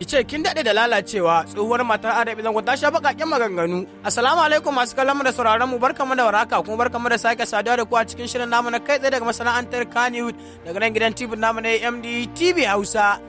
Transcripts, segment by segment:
Ice kin daɗe da lalacewa tsohuwar matar Adam Zango ta sha baƙaƙen maganganu. Assalamu alaikum masu kallon da sauraron mu Barka mu da waraka kuma barka mu da sake saduwa da ku a cikin shirin namu na kai tsaye daga masana'antar Kannywood daga nan gidan TV namu na AMD TV Hausa.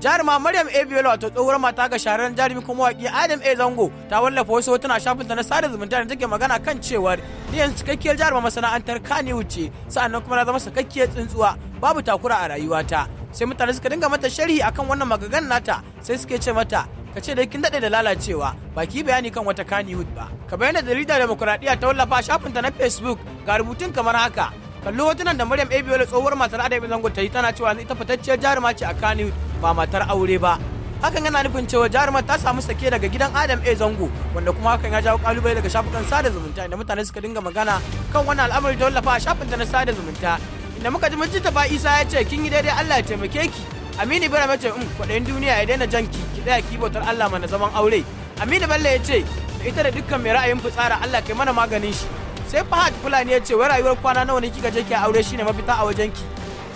jaruma maryam abiola wato tsohuwar mata ga shahararren jarumi kuma waƙi adam a zango ta wallafa wasu hotuna shafinta na sada zumunta da take magana kan cewar ni yanzu cikakkiyar jaruma masana'antar kani ce. sa'annan kuma na zama sakakkiyar tsuntsuwa babu takura a rayuwata sai mutane suka dinga mata sharhi akan wannan magagan nata sai suke ce mata ka ce da kin dade da lalacewa ba ki bayani kan wata kaniwood ba ka bayyana jarida demokuraɗiyya ta wallafa a ta na facebook ga rubutun kamar haka kallo hotunan da maryam abiola tsohuwar matar adabi zango ta yi tana cewa ita fitacciyar jaruma ce a kaniwood ba matar aure ba hakan yana nufin cewa jarumar ta samu sake daga gidan adam a zango wanda kuma hakan ya jawo kalubale daga shafukan sada zumunta inda mutane suka dinga magana kan wannan al'amari da wallafa a shafin ta na sada zumunta inda muka ji tafa Isa ya ce kin yi daidai Allah ya taimake ki Aminu Ibrahim ya ce um kwaɗayin duniya ya daina jan ki ki tsaya ki bautar Allah mana zaman aure Aminu Bello ya ce da ita da dukkan mai ra'ayin fitsara Allah kai mana maganin shi sai Fahad Fulani ya ce wai rayuwar kwana nawa ne kika je ki aure shine mafita a wajen ki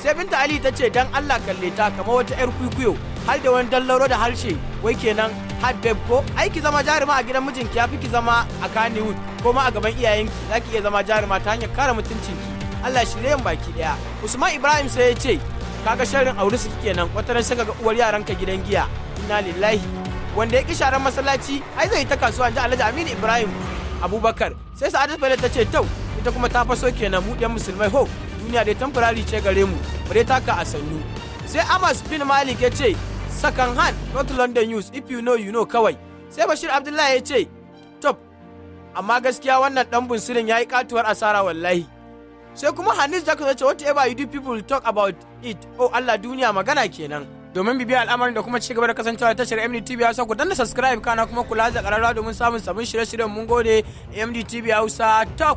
sai Binta Ali ta ce dan Allah kalle ta kamar wata yar kwikwiyo har da wani dallaro da harshe wai kenan har ko aiki zama jaruma a gidan mijinki ya fi ki zama a kanewood ko ma a gaban iyayenki za ki iya zama jaruma ta hanyar kare mutuncinki Allah shirye baki daya Usman Ibrahim sai ya ce kaga sharrin aure su kike kenan wataran saka ga uwar yaranka gidan giya inna lillahi wanda ya ki sharan masallaci ai zai ta kasuwa ji Alhaji Aminu Ibrahim Abubakar sai Sa'adat Bello ta ce tau ita kuma ta faso kenan mu ɗan musulmai ho duniya dai tamfurari ce gare mu bare taka a sannu sai Amas bin Malik ya ce Sakan han not London news if you know you know kawai sai Bashir Abdullahi ya ce top amma gaskiya wannan dan bunsirin yi katuwar asara wallahi sai kuma Hanis Jackson ya ce whatever you do people talk about it oh Allah duniya magana kenan domin bibiyar al'amarin da kuma ci gaba da kasancewa tashar MDTV Hausa ku danna subscribe kana kuma kula da kararrawa domin samun sabon shirye-shiryen mun gode MDTV Hausa ta